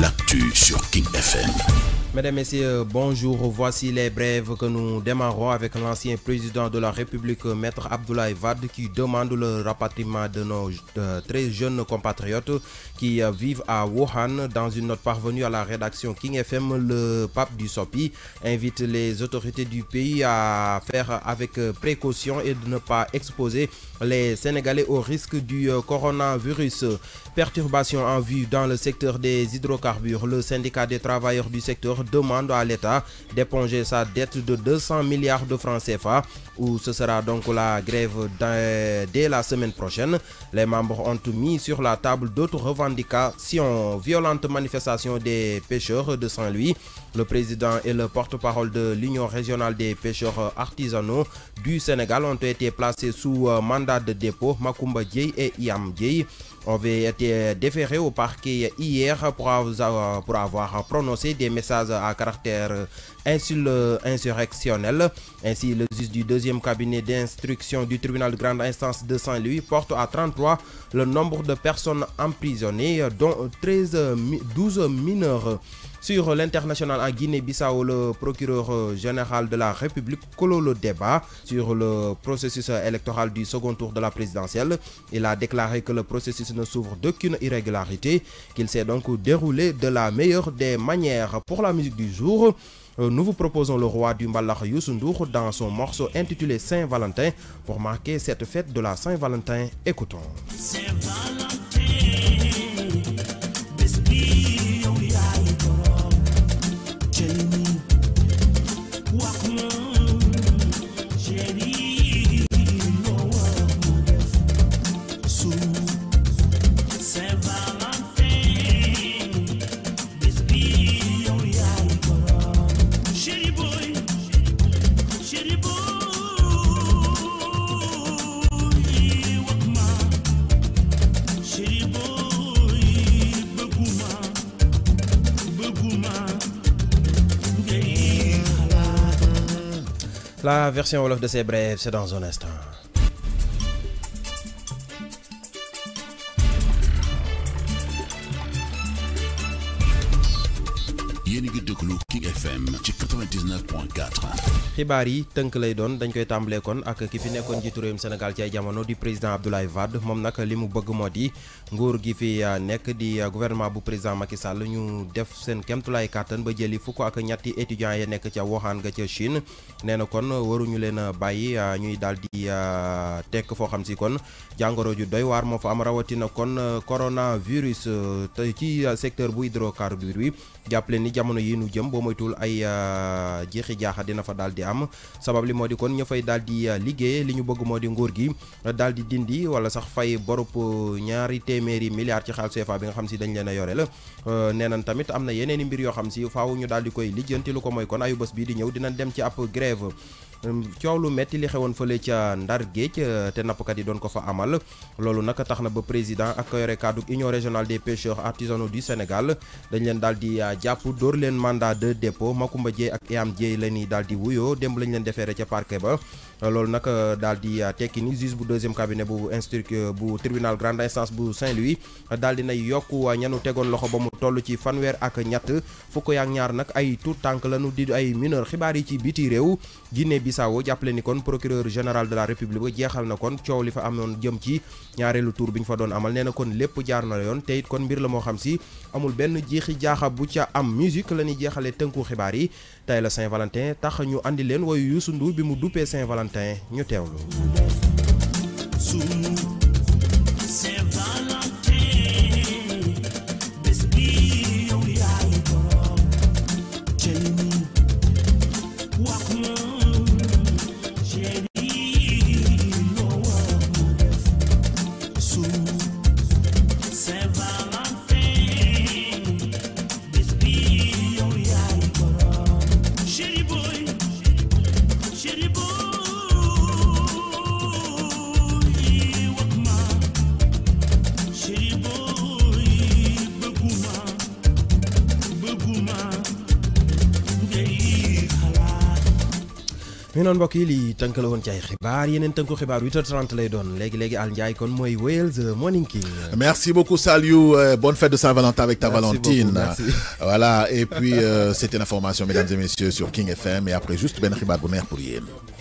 l'actu sur King FM. Mesdames, Messieurs, euh, bonjour. Voici les brèves que nous démarrons avec l'ancien président de la République, Maître Abdoulaye Wade, qui demande le rapatriement de nos très jeunes compatriotes qui euh, vivent à Wuhan. Dans une note parvenue à la rédaction King FM, le pape du Sopi invite les autorités du pays à faire avec précaution et de ne pas exposer les Sénégalais au risque du euh, coronavirus perturbations en vue dans le secteur des hydrocarbures, le syndicat des travailleurs du secteur demande à l'État d'éponger sa dette de 200 milliards de francs CFA, où ce sera donc la grève dès la semaine prochaine. Les membres ont mis sur la table d'autres revendications, Violente manifestation des pêcheurs de Saint-Louis, le président et le porte-parole de l'Union régionale des pêcheurs euh, artisanaux du Sénégal ont été placés sous euh, mandat de dépôt Makumba Dieye et Iam Dye ont été déférés au parquet hier pour avoir, euh, prononcé des messages à caractère insurrectionnel. Ainsi, le juge du deuxième cabinet d'instruction du tribunal de grande instance de Saint-Louis porte à 33 le nombre de personnes emprisonnées, dont 13, 12 mineurs. Sur l'international à Guinée-Bissau, le procureur euh, général de la République colo le débat sur le processus électoral du second tour de la présidentielle. Il a déclaré que le processus ne s'ouvre d'aucune irrégularité, qu'il s'est donc déroulé de la meilleure des manières. Pour la musique du jour, euh, nous vous proposons le roi du Mbalar Ndour dans son morceau intitulé Saint-Valentin pour marquer cette fête de la Saint-Valentin. Écoutons. La version Wolof de ces brèves, c'est dans un instant. yéen xibaar yi tënk lay doon dañ koy tàmbalee kon ak ki fi nekkoon jiitu réewum Sénégal ci jamono di président Abdoulaye Wade moom nag li mu bëgg moo di nguur gi fi ah, nekk di ah, gouvernement bu président Macky Sall ñu def seen kemtulaay kàttan ba jëli fukk ak ñetti étudiants ya nekk ca Wuhan ga ca Chine nee na kon waruñu leen a bàyyi ah, ñuy dal di tekk foo xam si kon jàngoro ju doy waar moo fa am rawatina kon coronavirus te ci secteur bu hydrocarbures bi jàppale ni jamono. jamono yi nu jëm boo moytuwul ay euh, jeexi jaaxa dina fa daal am sabab li moo di kon ña fay daal di euh, li ñu bëgg moo di nguur gi euh, daal di dindi wala sax fay borop ñaari téeméeri milliards ci xaalis CFA bi nga xam si dañ leen a yore la nee tamit am na yeneen mbir yoo xam si faaw ñu daal di koy lijjanti lu ko mooy kon ayu bés bii di ñëw dinañ dem ci ab grève coow lu metti li xewoon fële ca Ndar te nappkat yi doon ko fa amal loolu nag tax na ba président ak yore kaddu union régionale des pêcheurs artisanaux du di jàpp leen mandat de dépôt Macoumba Dieye ak Iam Dieye la ñuy daal di wuyoo démb lañu leen defeere ca parke ba Euh, loolu nag euh, daal di euh, tekki ni juge bu deuxième cabinet bu instruction bu tribunal grande instance bu Saint-Louis daal di nay yokk ñanu tegoon loxo ba mu toll ci fanweer ak ñett fukk yaak ñaar nag ay tuut tànk lañu di ay mineur xibaar yi ci biti réew Guinée Bissau jàppale ni kon procureur général de la république jeexal na kon coow li fa amoon jëm ci ñaareelu tour bi ñu fa doon amal nee na kon lépp jaar na yoon te kon mbir la moo xam si amul benn jeexi jaaxa bu ca am musique la ñuy jeexalee tënku xibaar yi tey la Saint-Valentin tax ñu andi leen woyu Youssou Ndour bi mu 31 ñu teewlu. ñu noon mbokk yi li tënk la woon ci ay xibaar yeneen tënku xibaar 8h30 lay doon léegi léegi Al Ndiaye kon mooy wéyal Morning King. merci beaucoup Saliou euh, bonne fête de Saint-Valentin avec ta Valentine. merci voilà et puis euh, c'était l'information mesdames et messieurs sur King FM et après juste ben xibaar bu neex pour yéen.